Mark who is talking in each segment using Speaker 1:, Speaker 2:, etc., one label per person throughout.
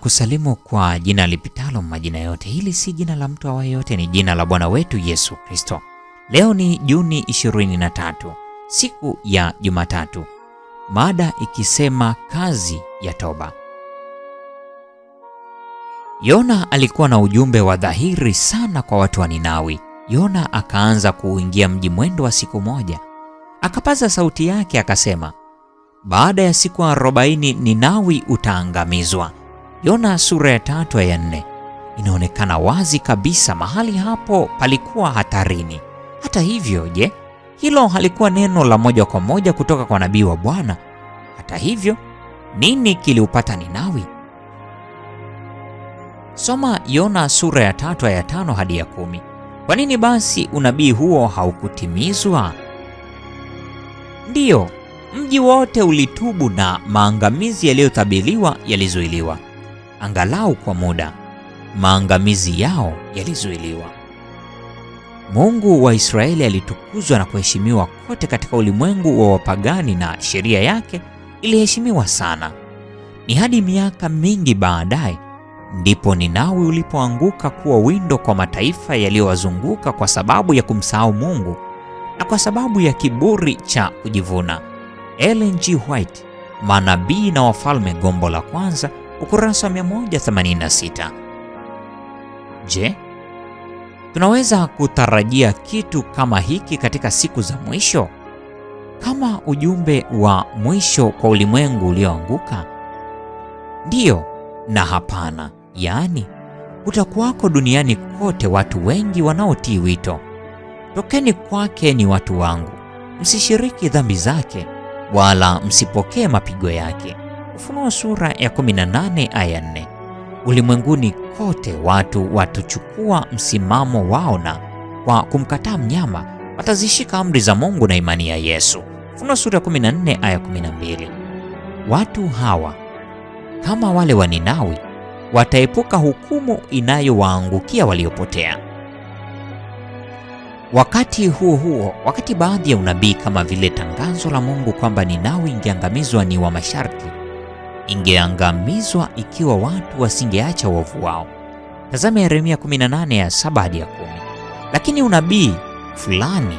Speaker 1: kusalimu kwa jina lipitalo majina yote. Hili si jina la mtu awaye yote, ni jina la Bwana wetu Yesu Kristo. Leo ni Juni 23, siku ya Jumatatu, mada ikisema kazi ya toba. Yona alikuwa na ujumbe wa dhahiri sana kwa watu wa Ninawi. Yona akaanza kuingia mji mwendo wa siku moja, akapaza sauti yake akasema, baada ya siku arobaini Ninawi utaangamizwa. Yona sura ya tatu ya nne inaonekana wazi kabisa mahali hapo palikuwa hatarini. Hata hivyo, je, hilo halikuwa neno la moja kwa moja kutoka kwa nabii wa Bwana? Hata hivyo, nini kiliupata Ninawi? Soma Yona sura ya tatu aya ya tano hadi ya kumi. Kwa nini basi unabii huo haukutimizwa? Ndiyo, mji wote ulitubu na maangamizi yaliyotabiriwa yalizuiliwa angalau kwa muda, maangamizi yao yalizuiliwa. Mungu wa Israeli alitukuzwa na kuheshimiwa kote katika ulimwengu wa wapagani na sheria yake iliheshimiwa sana. Ni hadi miaka mingi baadaye ndipo Ninawi ulipoanguka kuwa windo kwa mataifa yaliyowazunguka kwa sababu ya kumsahau Mungu na kwa sababu ya kiburi cha kujivuna. Ellen G. White, Manabii na Wafalme, gombo la kwanza ukurasa 186. Je, tunaweza kutarajia kitu kama hiki katika siku za mwisho? Kama ujumbe wa mwisho kwa ulimwengu ulioanguka? Ndiyo na hapana. Yaani, kutakuwako duniani kote watu wengi wanaotii wito, tokeni kwake, ni watu wangu, msishiriki dhambi zake, wala msipokee mapigo yake. Ufunuo sura ya 18 aya 4. Ulimwenguni kote watu watuchukua msimamo wao na kwa kumkataa mnyama watazishika amri za Mungu na imani ya Yesu. Ufunuo sura ya 14 aya 12. Watu hawa kama wale wa Ninawi wataepuka hukumu inayowaangukia waliopotea. Wakati huo huo, wakati baadhi ya unabii kama vile tangazo la Mungu kwamba Ninawi ingeangamizwa ni wa masharti ingeangamizwa ikiwa watu wasingeacha uovu wao. Tazama Yeremia 18 ya 7 hadi ya 10. Lakini unabii fulani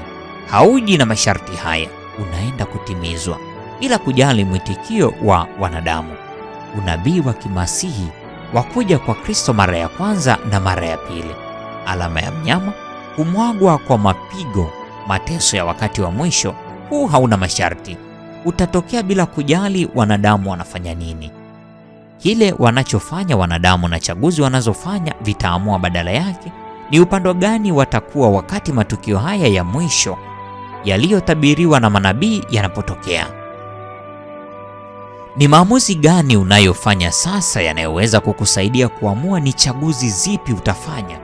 Speaker 1: hauji na masharti haya, unaenda kutimizwa bila kujali mwitikio wa wanadamu. Unabii wa kimasihi wa kuja kwa Kristo mara ya kwanza na mara ya pili, alama ya mnyama, kumwagwa kwa mapigo, mateso ya wakati wa mwisho, huu hauna masharti utatokea bila kujali wanadamu wanafanya nini. Kile wanachofanya wanadamu na chaguzi wanazofanya vitaamua badala yake ni upande gani watakuwa wakati matukio haya ya mwisho yaliyotabiriwa na manabii yanapotokea. Ni maamuzi gani unayofanya sasa yanayoweza kukusaidia kuamua ni chaguzi zipi utafanya?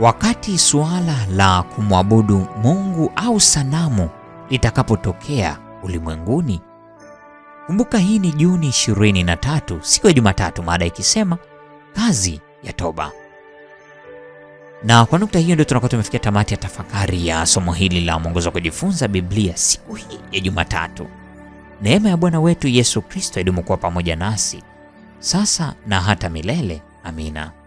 Speaker 1: Wakati suala la kumwabudu Mungu au sanamu litakapotokea, ulimwenguni. Kumbuka hii ni Juni 23, siku ya Jumatatu, mada ikisema kazi ya toba. Na kwa nukta hiyo ndio tunakuwa tumefikia tamati ya tafakari ya somo hili la mwongozo wa kujifunza Biblia siku hii ya Jumatatu. Neema ya Bwana wetu Yesu Kristo idumu kuwa pamoja nasi sasa na hata milele. Amina.